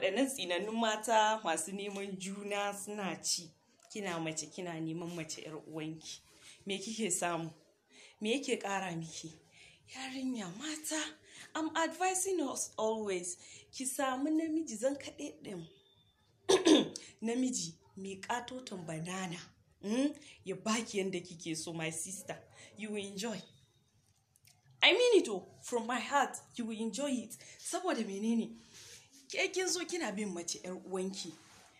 waɗannan tsinannun mata masu neman juna suna ci kina mace kina neman mace yar uwanki me kike samu me yake ƙara miki yarinya mata i'm advising us always ki samu namiji zan kaɗe ɗin namiji mai ƙatoton banana hmm? ya baki yadda kike so my sister you will enjoy i mean it all oh, from my heart you will enjoy it saboda menene ke kin zo kina bin mace yar uwanki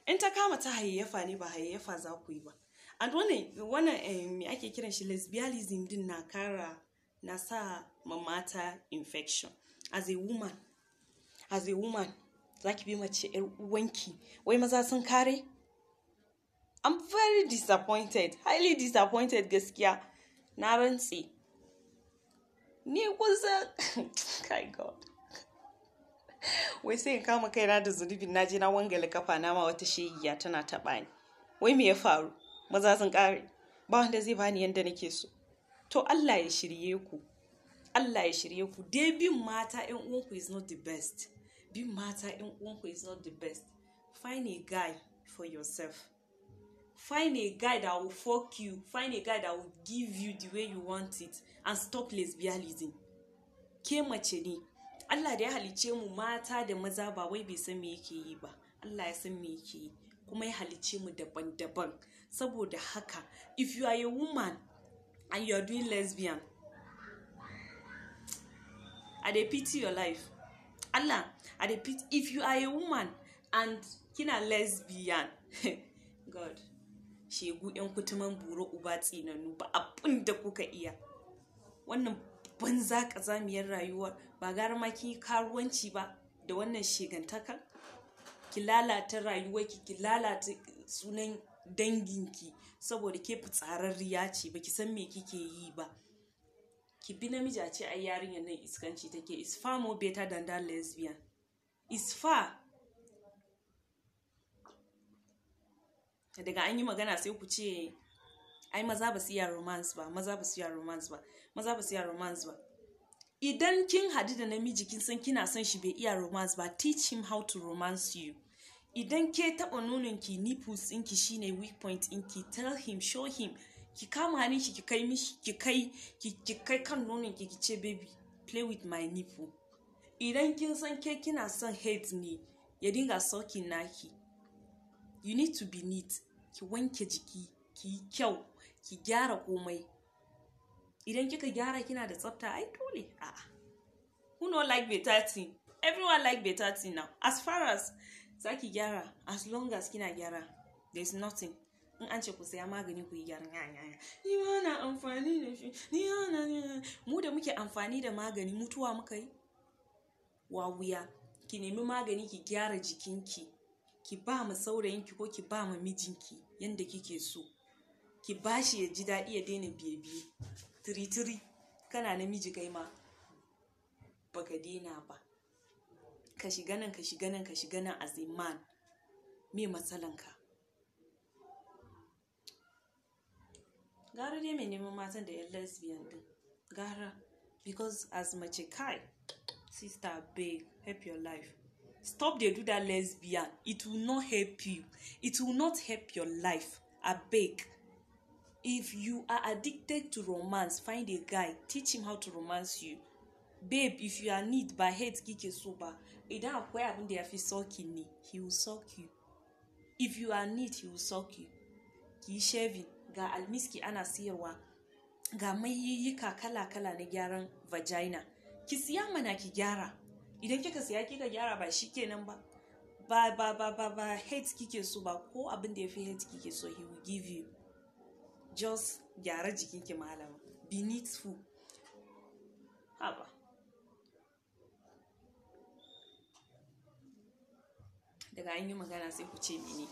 in ta kama ta hayayyafa ne ba hayayyafa za ku yi ba and wannan wannan eh, me ake kiran shi lesbianism din na kara na sa mamata infection as a woman as a woman za ki bi mace yar uwanki wai maza sun kare I'm very disappointed, highly disappointed gaskiya. Na rantse. Ni kusa, kai God. wai sai in kama kaina da zunubin naje na wangale kafa na ma wata shegiya tana taɓa ni wai me ya faru maza sun ƙare ba wanda zai bani yanda nake so to Allah ya shirye ku Allah ya shirye ku dai bin mata ƴan uwanku is not the best bin mata ƴan uwanku is not the best find a guy for yourself find a guy that will fuck you find a guy that will give you the way you want it and stop lesbianism ke mace ni. Allah da ya halice mu mata da maza ba wai bai san me yake yi ba Allah ya san me yake yi kuma ya halice mu daban-daban saboda haka if you are a woman and you are doing lesbian i dey pity your life Allah i dey pity if you are a woman and kina lesbian god shegu yan kutuman buro uba tsinanu ba abin da kuka iya wannan banza ƙazamiyar rayuwa ba gara ma ki karuwanci ba da wannan shigantakar? ki lalata rayuwarki ki lalata sunan danginki saboda ke riya ce ba ki san me kike yi ba ki bi namiji a ce ai yarinyar nan iskanci take is far more better than that lesbian is far daga an yi magana sai ku ce ai maza ba su iya romance ba maza ba su iya romance ba maza ba su iya romance ba idan kin hadu da namiji kin san kina son shi bai iya romance ba teach him how to romance you idan ke taɓa ki nipples ki shine weak point ki, tell him show him ki kama hannun shi ki kai ki kai kan nonon ki ce baby play with my nipple idan kin san ke kina son head ne ya dinga sauki naki you need to be neat ki wanke jiki ki yi kyau ki gyara komai idan kika gyara kina da tsafta ai dole a who no like better thing everyone like better thing now as far as za ki gyara as long as kina gyara there is nothing in an ce ku saya magani ku yi gyara ya ni ma na amfani da shi ni ma na mu da muke amfani da magani mutuwa muka yi wa wuya ki nemi magani ki gyara jikinki ki ba ma saurayinki ko ki ba ma mijinki yanda kike so ki ba shi ya ji daɗi ya daina biye-biye tiri-tiri kana namiji kai ma ba ka daina ba ka shiga nan ka shiga nan ka shiga nan as a man me matsalanka gara dai mai neman matan da 'yan lesbian din gara because as mace kai sister babe help your life stop dey do that lesbian it will not help you it will not help your life abeg if you are addicted to romance find a guy teach him how to romance you babe if you are need by kick kike soba idan akwai abin da ya fi soki ni he will suck you if you are need he will suck you ki yi ga almiski ana siyarwa ga mayiyyika kala-kala na gyaran vagina ki siya mana ki gyara idan kika siya kika gyara ba shi kenan ba ba ba ba ba head kike so ba ko abin da ya fi kike so he will give you just gyara jikinki malama be needful haba daga an yi magana sai ku ce mini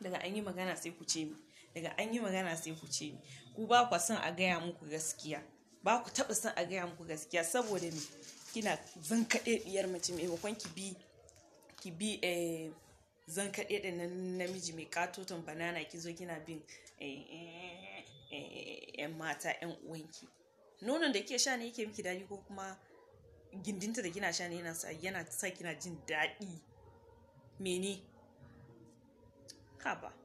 daga an yi magana sai ku ce mi daga an yi magana sai ku ce mi ku ba ku son a gaya muku gaskiya ba ku taɓa son a gaya muku gaskiya saboda me kina zan kaɗe ɗiyar mace maimakon ki bi ki bi eh, zan kaɗe da namiji mai katoton banana ki zo kina bin yan eh, eh, eh, mata yan uwanki nonon da ke sha ne yake miki daɗi ko kuma gindinta da kina sha ne yana sa yana sa kina jin daɗi mene haba